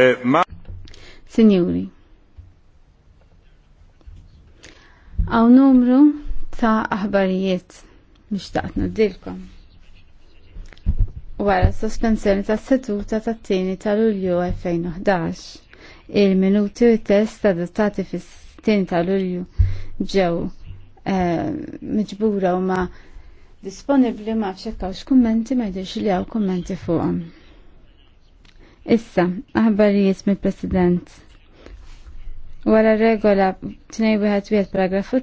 E, Signori, għaw numru ta' aħbarijiet nishtaqt naddilkom. Wara sospensjoni ta' setuta ta' t-tini tal-Ulju 2011, il-minuti u test ta' datati fis-tini ta' ulju ġew e, miġbura u ma' disponibli ma' fxekkaw x-kommenti ma' jidirx li għaw kommenti fuqom. Issa, aħbarijiet mill-President. Wara regola 21 paragrafu